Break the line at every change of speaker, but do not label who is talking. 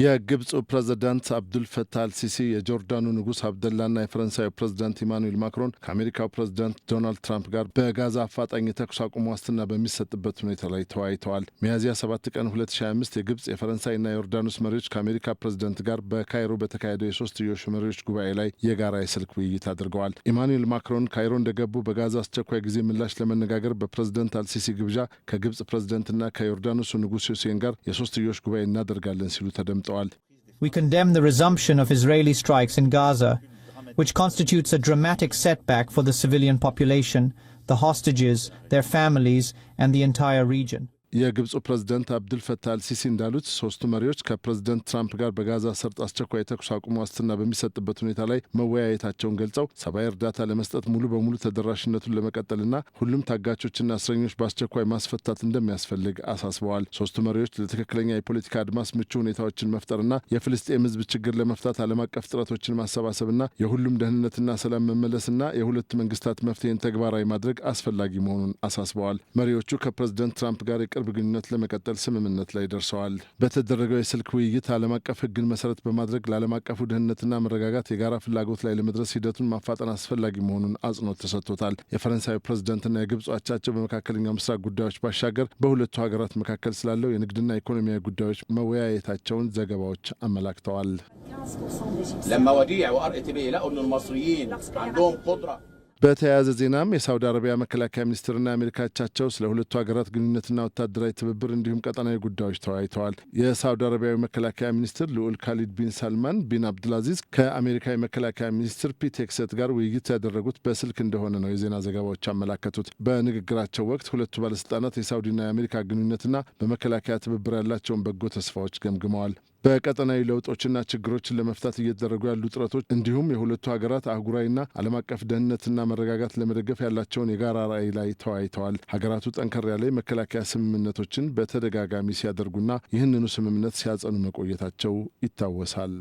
የግብፁ ፕሬዝዳንት አብዱልፈታ አልሲሲ የጆርዳኑ ንጉሥ አብደላና የፈረንሳዩ ፕሬዝዳንት ኢማኑኤል ማክሮን ከአሜሪካው ፕሬዝዳንት ዶናልድ ትራምፕ ጋር በጋዛ አፋጣኝ የተኩስ አቁም ዋስትና በሚሰጥበት ሁኔታ ላይ ተወያይተዋል። ሚያዝያ 7 ቀን 2025 የግብፅ የፈረንሳይና የዮርዳኖስ መሪዎች ከአሜሪካ ፕሬዚዳንት ጋር በካይሮ በተካሄደው የሶስትዮሽ መሪዎች ጉባኤ ላይ የጋራ የስልክ ውይይት አድርገዋል። ኢማኑኤል ማክሮን ካይሮ እንደገቡ በጋዛ አስቸኳይ ጊዜ ምላሽ ለመነጋገር በፕሬዝዳንት አልሲሲ ግብዣ ከግብፅ ፕሬዝዳንትና ከዮርዳኖሱ ንጉስ ሁሴን ጋር የሶስትዮሽ ጉባኤ እናደርጋለን ሲሉ ተደምጠዋል።
We condemn the resumption of Israeli strikes in Gaza, which constitutes a dramatic setback for the civilian population, the hostages, their families, and the entire region.
የግብፁ ፕሬዚደንት አብድል ፈታህ አልሲሲ እንዳሉት ሶስቱ መሪዎች ከፕሬዝደንት ትራምፕ ጋር በጋዛ ሰርጥ አስቸኳይ የተኩስ አቁም ዋስትና በሚሰጥበት ሁኔታ ላይ መወያየታቸውን ገልጸው ሰብአዊ እርዳታ ለመስጠት ሙሉ በሙሉ ተደራሽነቱን ለመቀጠልና ሁሉም ታጋቾችና እስረኞች በአስቸኳይ ማስፈታት እንደሚያስፈልግ አሳስበዋል። ሶስቱ መሪዎች ለትክክለኛ የፖለቲካ አድማስ ምቹ ሁኔታዎችን መፍጠርና የፍልስጤም ህዝብ ችግር ለመፍታት ዓለም አቀፍ ጥረቶችን ማሰባሰብና የሁሉም ደህንነትና ሰላም መመለስና የሁለት መንግስታት መፍትሄን ተግባራዊ ማድረግ አስፈላጊ መሆኑን አሳስበዋል። መሪዎቹ ከፕሬዝደንት ትራምፕ ጋር ቅርብ ግንኙነት ለመቀጠል ስምምነት ላይ ደርሰዋል። በተደረገው የስልክ ውይይት ዓለም አቀፍ ሕግን መሰረት በማድረግ ለዓለም አቀፉ ደህንነትና መረጋጋት የጋራ ፍላጎት ላይ ለመድረስ ሂደቱን ማፋጠን አስፈላጊ መሆኑን አጽንኦት ተሰጥቶታል። የፈረንሳዊ ፕሬዝዳንትና የግብፅ አቻቸው በመካከለኛው ምስራቅ ጉዳዮች ባሻገር በሁለቱ ሀገራት መካከል ስላለው የንግድና ኢኮኖሚያዊ ጉዳዮች መወያየታቸውን ዘገባዎች አመላክተዋል። በተያያዘ ዜናም የሳውዲ አረቢያ መከላከያ ሚኒስትርና የአሜሪካ ስለ ሁለቱ ሀገራት ግንኙነትና ወታደራዊ ትብብር እንዲሁም ቀጠናዊ ጉዳዮች ተወያይተዋል። የሳውዲ አረቢያዊ መከላከያ ሚኒስትር ልዑል ካሊድ ቢን ሳልማን ቢን አብዱልአዚዝ ከአሜሪካ የመከላከያ ሚኒስትር ፒት ሄግሴት ጋር ውይይት ያደረጉት በስልክ እንደሆነ ነው የዜና ዘገባዎች አመላከቱት። በንግግራቸው ወቅት ሁለቱ ባለስልጣናት የሳውዲና የአሜሪካ ግንኙነትና በመከላከያ ትብብር ያላቸውን በጎ ተስፋዎች ገምግመዋል። በቀጠናዊ ለውጦችና ችግሮችን ለመፍታት እየተደረጉ ያሉ ጥረቶች እንዲሁም የሁለቱ ሀገራት አህጉራዊና ዓለም አቀፍ ደህንነትና መረጋጋት ለመደገፍ ያላቸውን የጋራ ራዕይ ላይ ተወያይተዋል። ሀገራቱ ጠንከር ያለ የመከላከያ ስምምነቶችን በተደጋጋሚ ሲያደርጉና ይህንኑ ስምምነት ሲያጸኑ መቆየታቸው ይታወሳል።